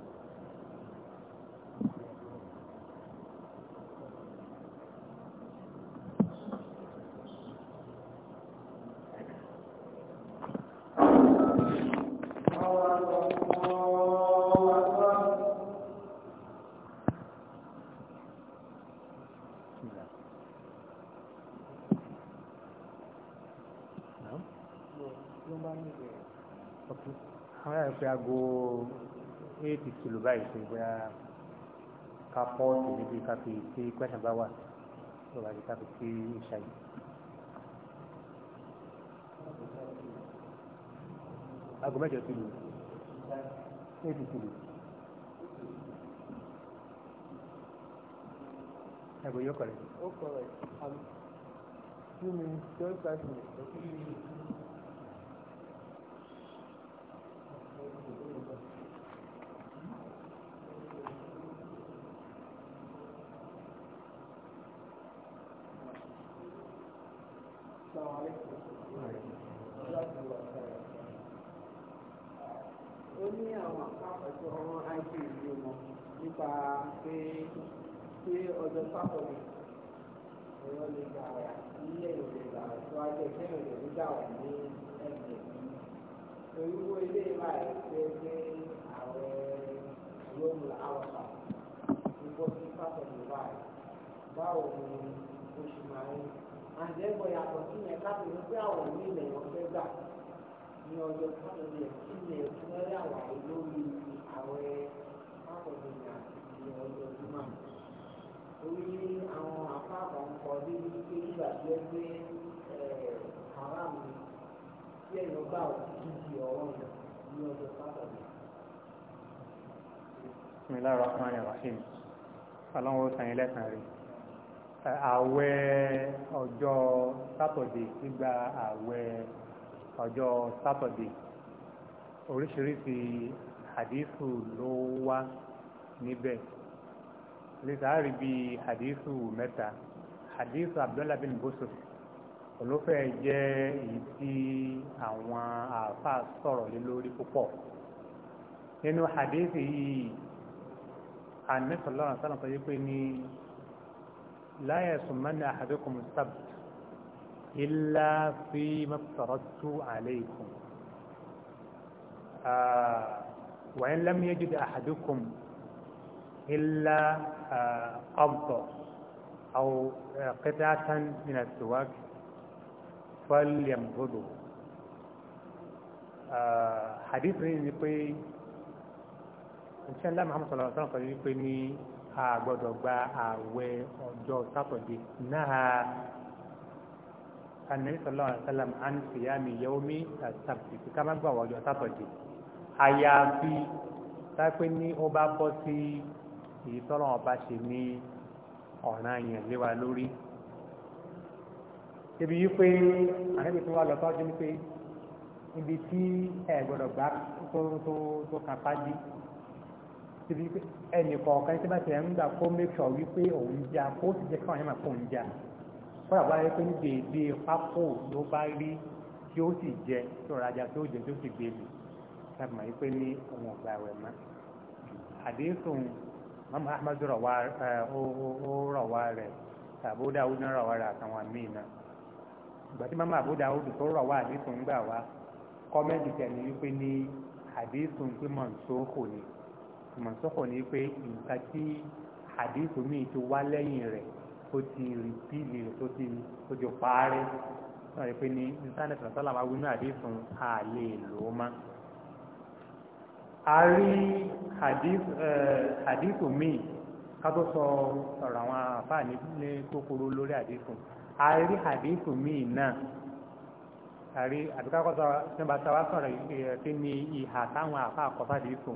aago eight kìlò báyìí ṣe bóyá ká pọ́ọ̀tù níbi ká fi tí kwẹ́sàn bá wà tó wà ní ká fi tí ìṣàyè. aago mẹ́jọ ti lù eight kìlò. aago yóò kọ̀rẹ́. ó kọ̀rẹ́ àmì two minutes just five minutes. sátọ̀dẹ̀ èèyàn lè gbà wà nílé èèyàn gbà wà tó ajẹ́ kéèyàn lè gbà wà ní ẹ̀jẹ̀ torí wo ilé ìlà ẹ̀ pé pé àwọn olóòmù àwọn ìbọn sí sátọ̀dẹ̀ báyìí báwo ni oṣù máa ń àjẹgbọ̀ yàtọ̀ sí yẹn káfí ní pé àwọn ìlú ilẹ̀ wọn fẹ́ gbà ní ọjọ́ sátọ̀dẹ̀ kí ni ẹ̀sùn lọ́yà wà lórí àwọn sátọ̀dẹ̀ àti ọjọ́ jùmọ̀ torí àwọn àpáàkọ̀ ń kọ bí wípé nígbà tí ó gbé haram ni tí ẹ̀yọ́ bá òkìkí ọ̀rọ̀ yẹn ní ọjọ́ sátọ̀dẹ̀. bismillahir rahmanir rahim aláwọ̀ sàn-ín lẹ́sàn-án rí àwẹ̀ ọjọ́ sátọ̀dẹ̀ gbígba àwẹ̀ ọjọ́ sátọ̀dẹ̀ oríṣiríṣi àdísù ló wà níbẹ̀ lẹ́sàárì bíi hadithu mẹ́ta hadithu abdullahi bin busuf olófẹ́ jẹ́ èyí tí àwọn àáfàá sọ̀rọ̀ lé lórí púpọ̀ nínú hadithi yìí àmẹ́sọ̀lọ́rọ̀ sálọ̀ sọ pé ní la yasumanna ahadukum sabt illa fi maftaratu alaykum ah, wa in lam yajid ahadukum illa قبض أو قطعة من السواك فليمهده حديث ni pé ìṣẹ́ ńlá Muhammad sallallahu alaihi wasallam sọ wípé ní a gbọ́dọ̀ gba ààwẹ̀ ọjọ́ sátọ̀dé náà Ànábì sallallahu alaihi wasallam à ń fi àmì yẹ́wómi sàbìtì kí ká má gbà ọjọ́ sátọ̀dé àyàfi tápé ní ó bá bọ́ sí èyí tọ́lọ́ ọba ṣe ní ọ̀ràn yẹn léwa lórí ibi yìí pé àrẹ́bí tó wà lọ́tọ́jú ni pé ibi tí ẹ gbọ́dọ̀ gbá tó tó tó kápá dí ibi pé ẹnì kọ̀ọ̀kan tí bá ti ẹ̀ ń gbà kó make sure wípé òun já kó sì jẹ́ káwọn yẹn máa kó òun já kọ́ra bá yẹ pé ní dèédé pákó ló bá rí tí ó sì jẹ tí ó rajà tí ó jẹ tí ó sì gbèlè láti mọ̀ wípé ní òun ọ̀gbà ẹ̀wẹ̀ mọ́ àdéhùn mọ́mọ́ ahmad rọ̀ wá rẹ̀ Abu Dawud náà rọ̀ wá rẹ̀ àtàwọn míì náà ìgbà tí mọ́mọ́ Abu Dawud tó rọ̀ wá àdéhùn gbà wá kọ́mẹ́ntì tẹ̀lé wípé ní àdéhùn pé mọ̀nsókò ni mọ̀nsókò ni pé nǹkan tí àdéhùn míì ti wá lẹ́yìn rẹ̀ ó ti rìpíìlì rẹ̀ tó ti tó jọ paárẹ́ náà rí pé ní ìsánẹ́tì sọ́lá máa wí ní àlè lòó máa a rí àdínkù míì ká tó sọ ọ̀rọ̀ àwọn àfáà ní kókóró lórí àdínkù a rí àdínkù míì náà a rí àbíkákọ́sọ nígbà tá a wá sọ̀rọ̀ kí ni ìhà táwọn àfáà kọ́ fàdínkù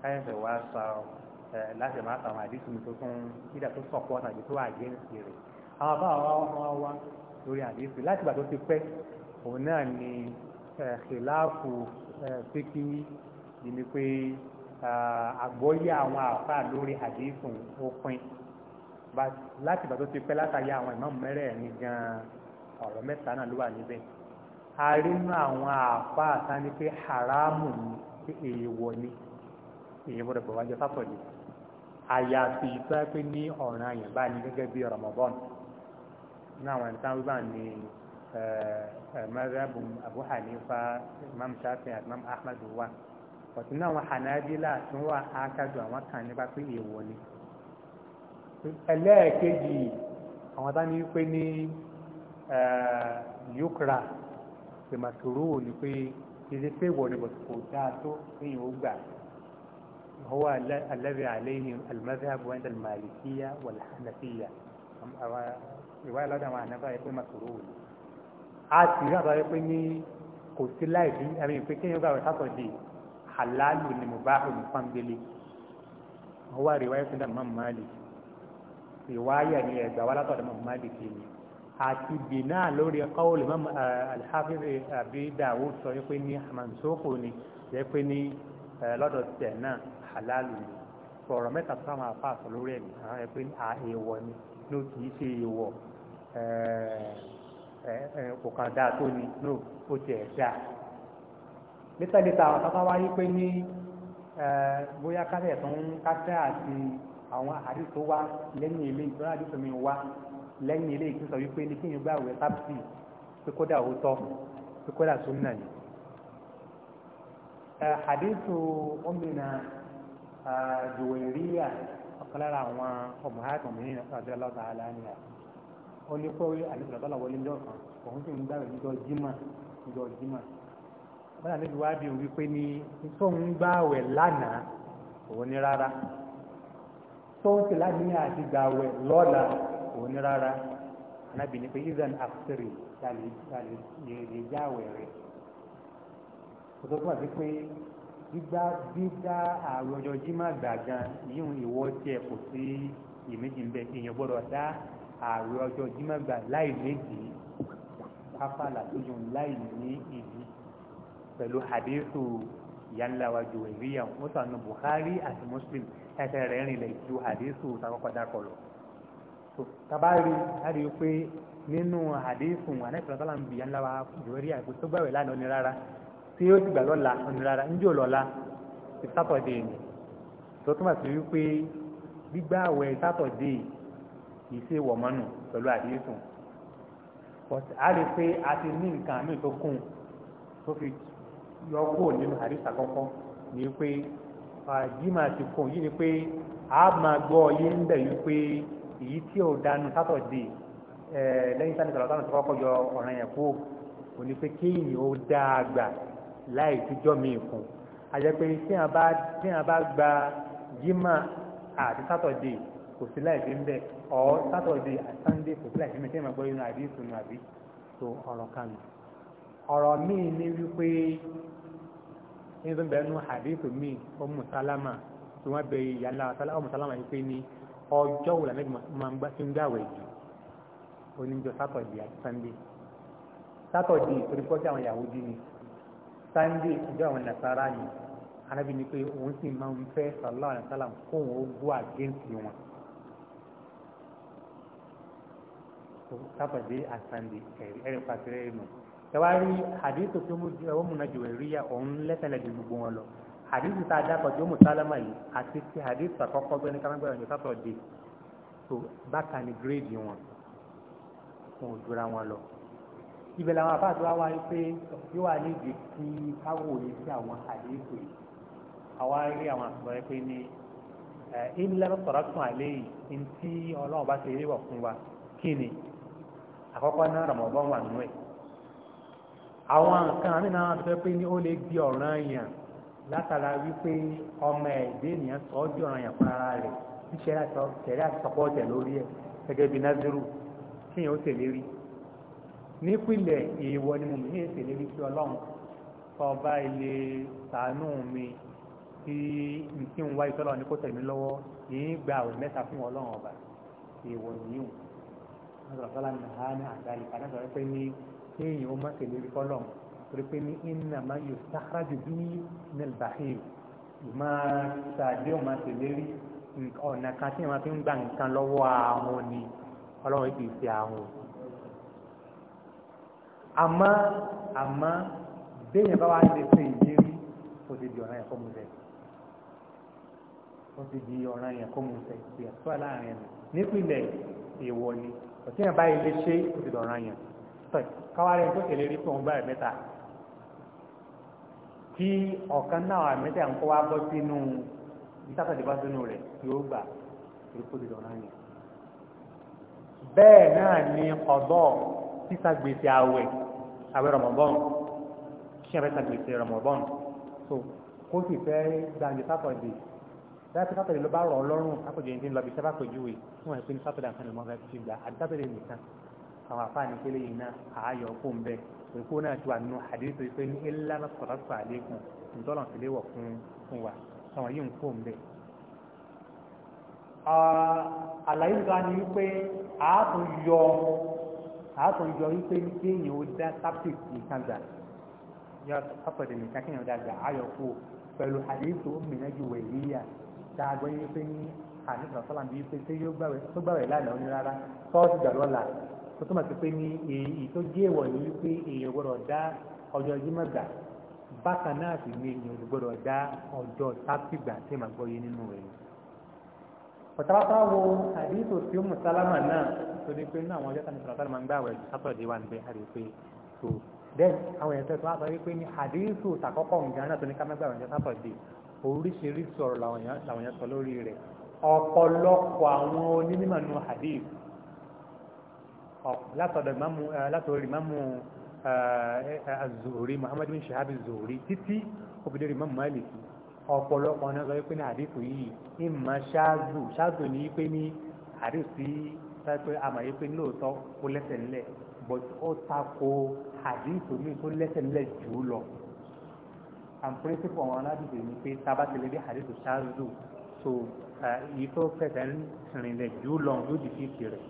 káyọ̀sẹ̀ wá sọ láti máa sàwọn àdínkù mi tó tún ìdá tó sọ̀kọ́ tàbí tó àgẹ́ǹsì rẹ̀ àwọn àfáà wá wọ́n wá lórí àdínkù láti ìgbà tó ti pẹ́ òun náà ni khilafu fíkí ni pé àgbọ́yé àwọn àfa lórí àdéhùn ó pin láti ìgbà tó ti pẹ́ látàrí àwọn ìmọ̀ mẹ́rẹ̀ẹ̀rin gan-an ọ̀rọ̀ mẹ́ta náà ló wà níbẹ̀ a rí nú àwọn àfa àta ni pé haramu ni pé èèwọ̀ ni èèyàn gbọ́dọ̀ pọ̀ wájú sátọ̀dé àyàfi ìtọ́ pé ní ọ̀ràn àyàn bá ní gẹ́gẹ́ bí Ramadan ní àwọn ẹ̀ńtá wíwà ni, mazhabu Abu Hanifa Imam Shafi'i àti Imam Ahmad wà ọ̀tún náà àwọn hànábílà tún wà ákájọ àwọn kan nípa pé èèwọ̀ ni ẹlẹ́ẹ̀kejì àwọn bá ní eh, pé ní yukra pèmàtòrò ni pé ilé pé ìwọ ni bọ̀ kò dáa tó kéèyàn ó gbà هو الذي عليه المذهب عند المالكية والحنفية ìwà ìlọ́dà àwọn ànábà yẹ pé màkúrò wò á ti rí àbáyé pé ní kò sí láìsí ẹ̀mí pé kéèyàn gbà wọ́n sátọ̀dé halalu ni mubahu ni fanbele wọ́n wá riwaya fún dàmú mọ́mú riwaya ni ẹ̀gbà wà látọ̀ dàmú kini. Ati bina lori bìnà lórí kọ́wọ́lì mọ́mú alhafiz eh, abi dawud sọ pé ní mansukh ni jẹ́ pé ní lọ́dọ̀ halalu ni sọ̀rọ̀ mẹ́ta tó máa fà sọ lórí ẹ̀mí àwọn ẹ̀ pé àìwọ̀ ni ló kìí ṣe ìwọ̀ kò kàn dáa tó ni ló ó ti dáa létàlétà àwọn tọ́ka wáyé pé ní bóyá kásẹ̀ tó ń kásẹ̀ àti àwọn àdìsó wá lẹ́yìn ilé ìtura àdìsó mi wá lẹ́yìn ilé ìtura wípé ní kíyìn gbà wẹ̀ sábìsì pé kódà ó tọ́ pé kódà tó nà ní. àdìsó ọmọnà jùwèríyà ọ̀kan lára àwọn ọmọ àìsàn mi nínú ọ̀dọ́ ọlọ́ta aláàníyà ó ní pé àdìsó lọ́tọ́ lọ́wọ́ lé lọ́kàn òun sì ń gbà wẹ̀ níjọ́ jímà níjọ́ jímà bọ́nà níbi wá bí wípé ní tó ń gbààwẹ̀ lánàá òun ní rárá tó ń sì láàrin àti gbààwẹ̀ lọ́la òun ní rárá anábì ní pé ethan afsiri lè jáwẹ̀ rẹ̀ kò tó túmọ̀ sí pé gbígbá gbígbá ààrùn ọjọ́ jimá gbàgán yíyún ìwọ tiẹ̀ kò sí ìméjì ń bẹ èèyàn gbọ́dọ̀ dá ààrùn ọjọ́ jimá gbà láì méjì káfàlà tó yùn láì ní ìdí pẹ̀lú hadithu ìyáńláwa ju ìríyà ó sànù Bukhari àti Muslim ẹsẹ̀ rẹ̀ rìnlẹ̀ ju hadithu takọ́kọ́dá kọlọ̀ so tabari láti wípé nínú hadithu anẹ́sọ̀tàlá ń bi ìyáńláwa ju ìríyà kò tó gbàwẹ̀ lánàá ní rárá tí ó ti gbà lọ́la ní rárá ń jò lọ́la ti sátọ̀dé ni tó túmọ̀ sí wípé gbígbà àwẹ̀ sátọ̀dé yìí ṣe wọ̀ mọ́nù pẹ̀lú hadithu a lè a ti ní nǹkan àmì tó kún tó fi yọ kúrò nínú hadith àkọ́kọ́ ní pé jimá ti ni pé a máa gbọ́ yé ń bẹ̀ yìí pé èyí tí ò dánú sátọ̀dé lẹ́yìn sáà yọ ọ̀ràn yẹn kú kò ní pé kéèyàn ó dáa gbà láì tíjọ́ mi fún pé tí a bá tí a bá gba jimá àti sátọ̀dé kò sí láì fi ń bẹ̀ ọ̀ sátọ̀dé àti a máa gbọ́ yìí nù àbí ọ̀rọ̀ míì ní wípé ní tó ń bẹ̀rẹ̀ nú hadith míì ọmọ sálámà tí wọ́n bẹ ìyàlá ọmọ sálámà yìí pé ní ọjọ́ wò lànà máa ń gbá sí ń gbàwẹ̀ jù oníjọ sátọ̀dì àti sànńdé sátọ̀dì torípọ́jì àwọn Yahudi ni sànńdé ìjọ àwọn Nasara ni anábì ni pé òun sì máa ń fẹ́ sallallahu alaihi wasallam fóun ó gbọ́ àgéǹtì wọn sátọ̀dì àti sànńdé ẹ̀rí pàṣẹ rẹ̀ nù tẹwárí hadithu tó wọ́n múna jùwẹ̀ríyà òun lẹ́sẹ̀lẹ̀ ju gbogbo wọn lọ hadithu tá a dákọ̀ tó mú sálámà yìí àti ti hadithu àkọ́kọ́ gbẹ́ni kámẹ́gbẹ́ ọ̀yọ́ sátọ̀ dé tó bákà ní gírèdì wọn wọn ò dúra wọn lọ. ibẹ̀ làwọn àbá àti wá wáyé pé yóò wá ní ìdí tí káwọ̀ yìí sí àwọn hadithu yìí àwa rí àwọn àtúbọ̀rẹ́ pé ní ilẹ̀ sọ̀rọ̀ tún àlẹ́ yìí ntí ọlọ́run bá ti rí wọ̀ fún wa kí ni àkọ́kọ́ náà rọ̀mọ̀bọ́n wà nù àwọn nǹkan àmì náà tó fẹ́ pé ní ó lè di ọ̀ràn yàn látara wípé ọmọ ẹ̀dẹ́ ènìyàn sọ ọ́ di ọ̀ràn yàn fúnra rẹ̀ tí sẹ́rí àtọ́kọ́ ọ̀tẹ̀ lórí ẹ̀ gẹ́gẹ́ bí názírù tí yẹn ó tẹ̀lé rí nípìnlẹ̀ èèwọ̀ ni mo mú ní ètèlé rí sí ọlọ́run ọba ilé sàánú mi tí nǹkan ń wáyé sọ́lọ́ ní kó tẹ̀mí lọ́wọ́ yìí gba àwẹ̀ mẹ́ta fún ọlọ́run ọba èèwọ̀ nìyí kéèyàn ó má tẹ̀lé fọ́lọ̀ torí pé ní iná máa yọ sáárà jù bí nílbàáyé máa tàdé ọ̀ma tẹ̀lé rí ọ̀nà kan tí wọ́n fi ń gba nǹkan lọ́wọ́ àwọn ni ọlọ́run ti fi àwọn. àmọ́ àmọ́ béèyàn bá wà lè ṣe ìdérí ó ti di ọ̀ràn yẹn kó mu sẹ́ ó ti di ọ̀ràn yẹn kó mu sẹ́ ìyàtọ̀ láàrin ẹ̀ nípìnlẹ̀ èèwọ̀ ni ọ̀tí yẹn báyìí lè ṣe ó ti di ọ̀ràn yẹn tọ́ káwárí tó tẹ̀lé rí fún ọgbà ẹ̀mẹ́ta tí ọ̀kan náà ẹ̀mẹ́ta ń kọ́ wá bọ́ sínú ìtàkàdé bá sínú rẹ̀ yóò gbà èkó lè lọ́nà yẹn. bẹ́ẹ̀ náà ni ọ̀dọ́ sísàgbèsè àwẹ̀ àwẹ̀ rọ̀mọ̀bọ́n kí ẹ̀rẹ́ sàgbèsè rọ̀mọ̀bọ́n tó kó sì fẹ́ gbàǹdì sátọ̀dé láti sátọ̀dé ló bá rọ̀ ọlọ́run sátọ̀dé ní lọ́bi sábà pèjúwe fún ẹ̀sìn sátọ̀dé àǹkan lè mọ́ fẹ́ fi gbà àti sátọ̀dé nìkan àwọn àfáàní pélé yìí náà àáyọ̀ fún bẹ́ẹ̀ òkú náà ti wà nínú àdéhùn pé ní ilá náà sọ̀rọ̀ sọ̀ àlékún ìtọ́lọ̀ ti léwọ̀ fún fún wa àwọn yìí ń fún bẹ́ẹ̀. àlàyé ìgbà ni wípé àátún yọ àátún yọ wípé kéèyàn ó dá sáptic nìkan gbà yọ sápẹ̀tì nìkan kéèyàn ó dá gbà àáyọ̀ fún o pẹ̀lú àdéhùn mìíràn ju wẹ̀líyà dáagbọ́ yín pé tó túmọ̀ sí pé ní èyí tó jẹ́ ìwọ̀ ní wípé èèyàn gbọ́dọ̀ dá ọjọ́ jímọ̀ bákan náà sì ni èèyàn gbọ́dọ̀ dá ọjọ́ sápìgbà tí màá gbọ́ yé nínú rẹ̀ pàtàkì wo àdìsò tí ó mú sálámà náà tó ní pé ní àwọn ọjọ́ tani sàlámà ń gbà wẹ̀ sátọ̀dé wà níbẹ̀ àrí pé tó then àwọn èèyàn tẹ̀sán àtọ́ wípé ní àdìsò tàkọ́kọ́ nǹkan náà tó ní ká má gbà wẹ̀ ọjọ́ sátọ̀dé oríṣiríṣi ọ̀rọ̀ làwọn èèyàn sọ lórí rẹ̀ ọ̀pọ̀lọpọ̀ àwọn látọ̀dọ̀ ìmáàmù látọ̀rí ìmáàmù az Muhammad bin Shihab az-Zuhri títí obìnrin ìmáàmù Málìkì ọ̀pọ̀lọpọ̀ ọ̀nà sọ pé ní àdìsù yìí ìmọ̀ ṣáàzù ṣáàzù ní pé ní àdìsù yìí pé àmàyé pé lóòótọ́ ó lẹ́sẹ̀ ńlẹ̀ but ó tako àdìsù míì tó lẹ́sẹ̀ ńlẹ̀ jù ú lọ and principle àwọn aládùúgbò ni pé tabatẹ̀lẹ́ bí àdìsù ṣáàzù so èyí tó fẹsẹ̀ rìnlẹ̀ jù lọ yóò fífi rẹ̀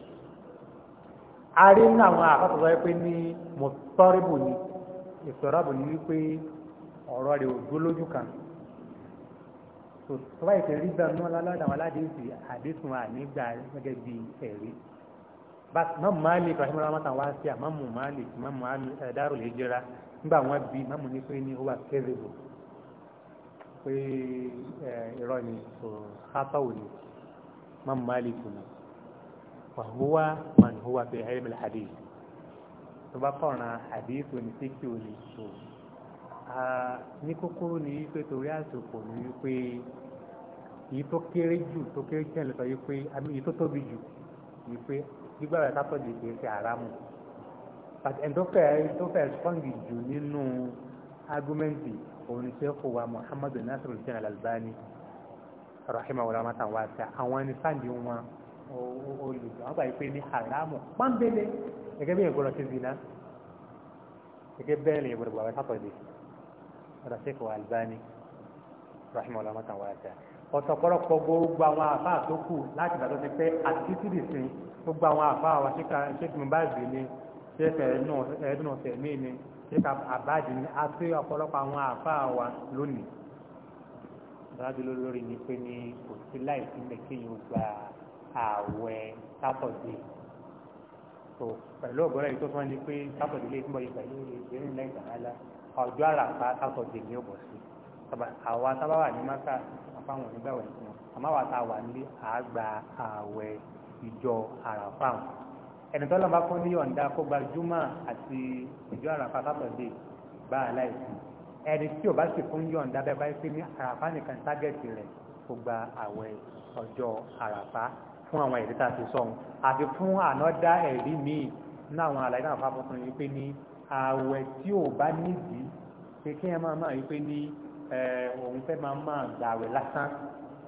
a rí ní àwọn àkàtúntò wípé ní mọ̀tọ́rìbù ni ìsọ̀rọ̀bù ni wípé ọ̀rọ̀ rẹ̀ ò lójú kan so láì tẹ̀rí bẹ́ẹ̀ náà lálọ́dà wọn láti ìsì àdéhùn ànígbà gẹ́gẹ́ bí ẹ̀rí bá mọ́mù máàlì ibrahim ramata wá sí àmọ́mù máàlì mọ́mù ẹ̀dárò eh, lè jẹra nígbà wọn bí mọ́mù ní pé ní ó wà kẹ́rẹ́bù pé ẹ̀rọ eh, ni kò hátọ́wò ni mọ́mù máàlì kùnà fàhùwà man huwa fi ilm al-hadith tó bá kọ̀ràn hadith òní tí kí o lè so ní kúkúrú ni wípé torí àsìkò ni wípé èyí tó kéré jù tó kéré jù lọ́sọ̀ wípé àmì èyí tó tóbi jù wípé gbígbà rẹ̀ ká tọ́jú ìpè ṣe àrámù pàtẹ́ ẹni tó fẹ́ tó fẹ́ sọ́ǹgì jù nínú ágúmẹ́ǹtì òun ni sẹ́kù wa Muhammadu Nasiru Al-Albani rahimahullah matan wa ta àwọn ẹni sáǹdì wọn olùgbà wọn gbà yí pé ní haramu pọ́nbélé gẹ́gẹ́ bí ìgbọ́dọ̀ ti zina gẹ́gẹ́ bẹ́ẹ̀ lè ìgbọ́dọ̀ bàbá sátọ̀dé ọ̀dọ̀ sẹ́kọ̀ Albani rahimah ọlọ́mọ tàn wáyà tẹ́ ọ̀tọ̀pọ̀lọpọ̀ gbogbo àwọn àfáà tó kù láti ìgbà tó ti pẹ́ àti títí sí gbogbo àwọn àfáà wa ṣéèkì mbáàzì ni ṣéèkì ẹ̀ẹ́dùnà tẹ̀mí ni ṣéèkì àbáàdì ni àti ọ̀pọ̀lọpọ̀ àwọn àfáà wa lónìí ìdájọ́ lórí ni pé ní kò sí láì sí mẹ́kẹ́yìn ó gbà á ààwẹ̀ sátọ̀dé tó pẹ̀lú ọ̀gọ́rẹ́ yìí tó fún ẹni pé sátọ̀dé lè túnbọ̀ yìí pẹ̀lú ìrìn náà ìgbàlá ọjọ́ àràpá sátọ̀dé ní ọ̀bọ̀ sí àwa sábà wà ní maka àfáwọn onígbàwẹ̀ fún wọn àmọ́ àwa tá a wà nílé àgbà ààwẹ̀ ìjọ àràpá wọn ẹni tó lọ́nà bá fún ní ọ̀ǹda kó gba júmọ̀ àti ìjọ àràpá sátọ̀dé gbá aláìsí ẹni tí ò bá sì fún yọ̀ǹda bẹ́ẹ̀ báyìí pé fún àwọn ẹ̀rí tá a ti sọ̀hún àti fún ànádá ẹ̀rí míì ní àwọn àlàyé náà fáfọ́ yìí pé ní ààwẹ̀ tí ò bá nídìí pé kí ẹ máa máa yìí pé ní òun fẹ́ máa máa gbà ààwẹ̀ lásán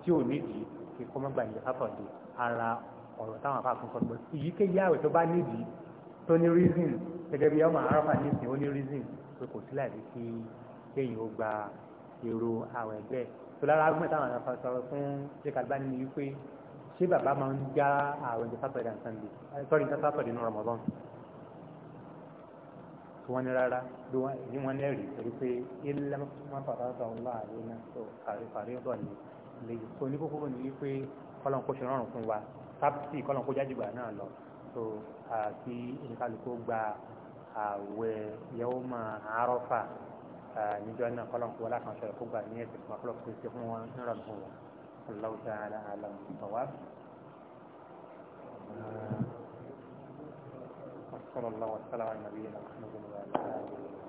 tí ò nídìí kí kọ́ mọ́gbà yìí fáfọ̀dé ara ọ̀rọ̀ táwọn afáfún sọ pé ìyíkéyìí ààwẹ̀ tó bá nídìí tó ní reason gẹ́gẹ́ bí ọmọ aráfà nísìn ó ní reason pé kò sí láì kí kéyìn ó gba èrò ààwẹ̀ bẹ́ẹ̀ tó lára ṣé bàbá máa ń já ààrùn ìjọ sáfẹ̀dì and sunday eh, sorry ìjọ sáfẹ̀dì nínú Ramadan tí wọ́n ní rárá ní wọ́n ní ẹ̀rí torí pé ilé wọn fàtà ọ̀dọ̀ ọ̀la àrùn náà tó kàrí kàrí ọ̀dọ̀ ni lèyí tó ní kókó ní wípé kọ́lọ́n kó ṣe rọrùn fún wa tábìsì kọ́lọ́n kó jáde gbà náà lọ tó àti oníkálukú gba àwẹ̀ yẹ́wò máa àárọ̀ fà níjọ́ náà kọ́lọ́n kó wọlé àkànṣe rẹ̀ kó gbà ní ẹ̀sìn fún wa kọ́lọ́n kó ṣe fún wọn ní rọrùn fún الله تعالى أعلم بالصواب وصلى الله وسلم على نبينا محمد وعلى آله